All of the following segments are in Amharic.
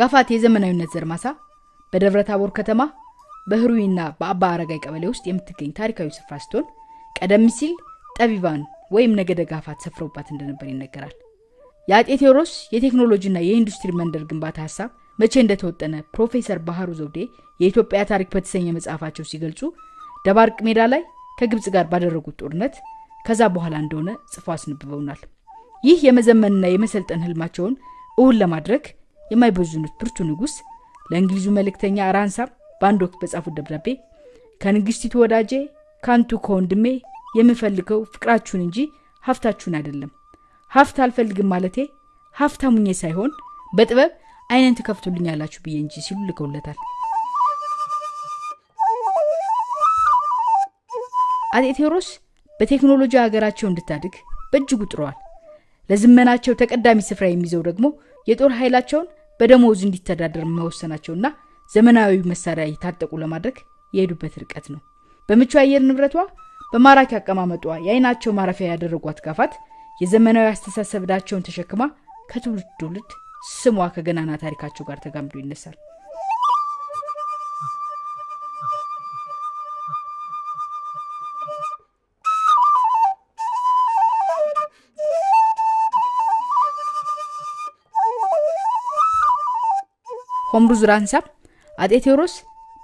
ጋፋት የዘመናዊነት ዘር ማሳ በደብረ ታቦር ከተማ በህሩይና በአባ አረጋይ ቀበሌ ውስጥ የምትገኝ ታሪካዊ ስፍራ ስትሆን ቀደም ሲል ጠቢባን ወይም ነገደ ጋፋት ሰፍረውባት እንደነበር ይነገራል። የአጤ ቴዎድሮስ የቴክኖሎጂና የኢንዱስትሪ መንደር ግንባታ ሀሳብ መቼ እንደተወጠነ ፕሮፌሰር ባህሩ ዘውዴ የኢትዮጵያ ታሪክ በተሰኘ መጽሐፋቸው ሲገልጹ ደባርቅ ሜዳ ላይ ከግብፅ ጋር ባደረጉት ጦርነት ከዛ በኋላ እንደሆነ ጽፎ አስንብበውናል ይህ የመዘመንና የመሰልጠን ህልማቸውን እውን ለማድረግ የማይበዙት ብርቱ ንጉስ ለእንግሊዙ መልእክተኛ ራንሳም በአንድ ወቅት በጻፉት ደብዳቤ ከንግስቲቱ ወዳጄ ከአንቱ ከወንድሜ የምፈልገው ፍቅራችሁን እንጂ ሀፍታችሁን አይደለም። ሀፍት አልፈልግም ማለቴ ሀብታሙኜ ሳይሆን በጥበብ ዓይኔን ትከፍቱልኛላችሁ ብዬ እንጂ ሲሉ ልከውለታል። አጤ ቴዎድሮስ በቴክኖሎጂ ሀገራቸው እንድታድግ በእጅጉ ጥረዋል። ለዝመናቸው ተቀዳሚ ስፍራ የሚይዘው ደግሞ የጦር ኃይላቸውን በደሞዝ እንዲተዳደር መወሰናቸውና ዘመናዊ መሳሪያ የታጠቁ ለማድረግ የሄዱበት ርቀት ነው። በምቹ አየር ንብረቷ፣ በማራኪ አቀማመጧ የአይናቸው ማረፊያ ያደረጓት ጋፋት የዘመናዊ አስተሳሰብ ዕዳቸውን ተሸክማ ከትውልድ ትውልድ ስሟ ከገናና ታሪካቸው ጋር ተጋምዶ ይነሳል። ሆምሩዝ ራንሳ፣ አጤ ቴዎድሮስ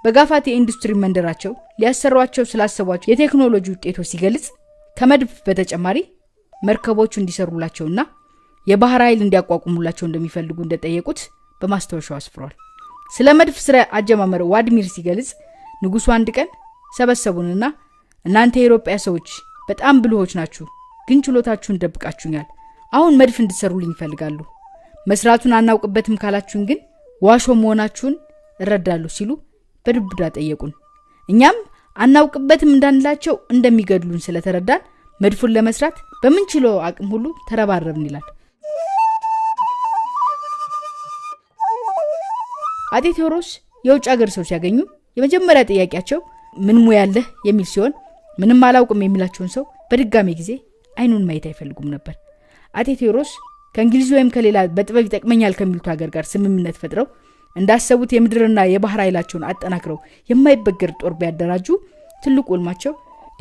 በጋፋቴ የኢንዱስትሪ መንደራቸው ሊያሰሯቸው ስላሰቧቸው የቴክኖሎጂ ውጤቶች ሲገልጽ ከመድፍ በተጨማሪ መርከቦቹ እንዲሰሩላቸውና የባህር ኃይል እንዲያቋቁሙላቸው እንደሚፈልጉ እንደጠየቁት በማስታወሻው አስፍሯል። ስለ መድፍ ስራ አጀማመር ዋድሚር ሲገልጽ ንጉሱ አንድ ቀን ሰበሰቡንና እናንተ የኢትዮጵያ ሰዎች በጣም ብልሆች ናችሁ፣ ግን ችሎታችሁን ደብቃችሁኛል። አሁን መድፍ እንድትሰሩልኝ ይፈልጋሉ። መስራቱን አናውቅበትም ካላችሁን ግን ዋሾ መሆናችሁን እረዳለሁ ሲሉ በድብዳ ጠየቁን። እኛም አናውቅበትም እንዳንላቸው እንደሚገድሉን ስለተረዳን መድፉን ለመስራት በምንችለው አቅም ሁሉ ተረባረብን ይላል። አጤ ቴዎድሮስ የውጭ ሀገር ሰው ሲያገኙ የመጀመሪያ ጥያቄያቸው ምን ሙያ አለህ የሚል ሲሆን ምንም አላውቅም የሚላቸውን ሰው በድጋሚ ጊዜ አይኑን ማየት አይፈልጉም ነበር። አጤ ቴዎድሮስ ከእንግሊዝ ወይም ከሌላ በጥበብ ይጠቅመኛል ከሚሉት ሀገር ጋር ስምምነት ፈጥረው እንዳሰቡት የምድርና የባህር ኃይላቸውን አጠናክረው የማይበገር ጦር ቢያደራጁ ትልቁ ልማቸው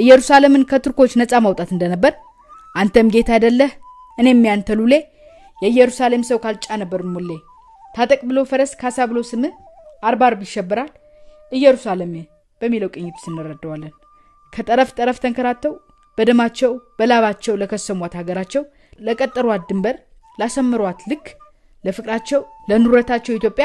ኢየሩሳሌምን ከቱርኮች ነፃ ማውጣት እንደነበር አንተም ጌታ አይደለህ እኔም ያንተ ሉሌ የኢየሩሳሌም ሰው ካልጫ ነበር ሙሌ ታጠቅ ብሎ ፈረስ ካሳ ብሎ ስም አርባርብ ይሸበራል ኢየሩሳሌም በሚለው ቅኝት ስንረደዋለን ከጠረፍ ጠረፍ ተንከራተው በደማቸው በላባቸው ለከሰሟት ሀገራቸው ለቀጠሯት ድንበር ላሰምሯት ልክ ለፍቅራቸው ለኑረታቸው ኢትዮጵያ